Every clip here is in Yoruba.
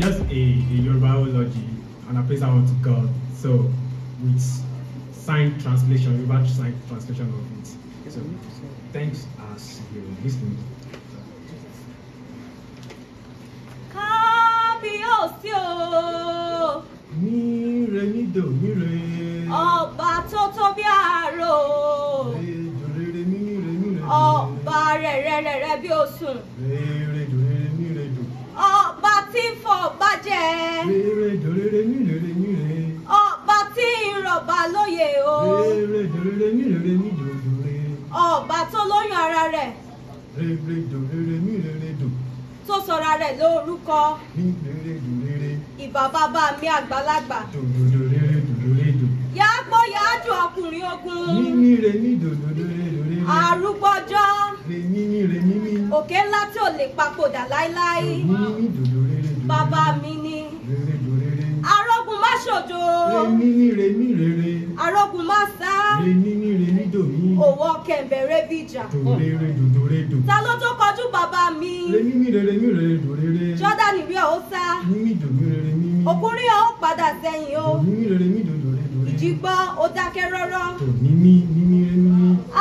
just a, a Yoruba eulogy and I place out to go. So with sign translation, Yoruba sign translation of it. So thanks as you listening. Kábíyèsí o. Mi re mi do mi re. Ọba tó tó bí àárò. Ejò rere mi re mi re. Ọba rẹ̀ rẹ̀ rẹ̀ rẹ̀ bí osùn. Rere Rere dòrere ní rere ní re. Ọba tí ń rọ̀bà lóye o. Rere dòrere ní rere ní dòdò re. Ọba tó lóyún ara rẹ̀. Rere dòrere Tó sọra rẹ̀ lórúkọ. Ní rere mi àgbàlagbà. Yàgbọ́ yàájú ọkùnrin ogun. Ní Òkè ńlá tí ò lè papòdà láíláí. Bàbá mi ni remi ni remi rere. arógun máa sá. remi ni remi dòmí. òwò kẹ̀mbẹ̀ rẹ́bìjà. dòrere dòdòre dò. ta ló tó kọjú bàbá mi. remi mi rere mi rere dòrere. jordan rí ẹ̀ ó sá. mímí dòmí rere mímí. òkúrí ẹ̀ padà sẹ́yìn o. mímí rere mi dòdòre dòrere. ìjì gbọ́ dákẹ́ rọ́rọ́. tòmí mi mímí remi.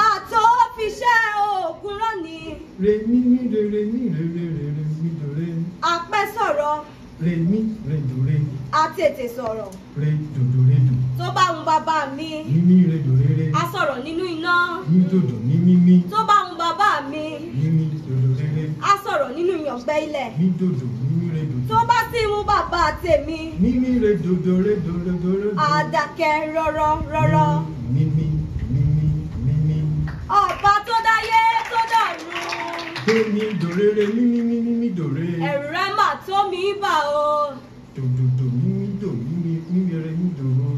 àtọ́ fi ṣẹ́ oògùn lónìí. remi mi rere mi rere rere mi dòre. àpẹ́ sọ̀rọ̀ Rèmí rèdò rèdò. A tètè sọ̀rọ̀. Rèdòdò rèdò. Tó bá ń bàbá mi. Mímí rèdò rere. A sọ̀rọ̀ nínú iná. Ní dòdò ní mímí. Tó bá ń bàbá mi. Mímí rèdò rere. A sọ̀rọ̀ nínú ìyàngbẹ́ ilẹ̀. Ní dòdò mímí rèdò. Tó bá sì mú bàbá tèmi. Mímí rèdòdò do. rèdò rèdò. Àdàkẹ́ rọ́rọ́ rọ́rọ́. Mímí. tó mi dòrèrè mímí mímí mi dòrè. ẹ̀rù rẹ mà tó mi bà o. dòdòdò mímí dò mímí mímí rẹ mi dòrò.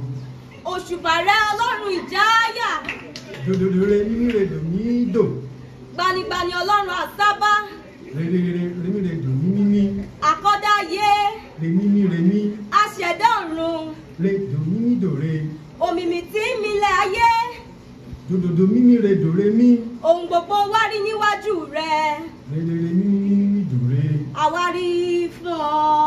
òṣùbà rẹ ọlọ́run ìjáyà. dòdòdò rẹ mímí rẹ dò mí dò. gbanigbani ọlọ́run àsábá. rèrèrè mi. rẹ dò mímí mi. àkọ́dá yé. rèmí mi rèmí. aṣẹ̀dá ọ̀run. rẹ dò mímí dòrè. òmìmì tí ń milẹ̀ ayé dòdòdò mímí re dòre mí. ohun gbogbo wá rí níwájú rẹ. rere mímí mímí dòre. àwa rí fún ọ.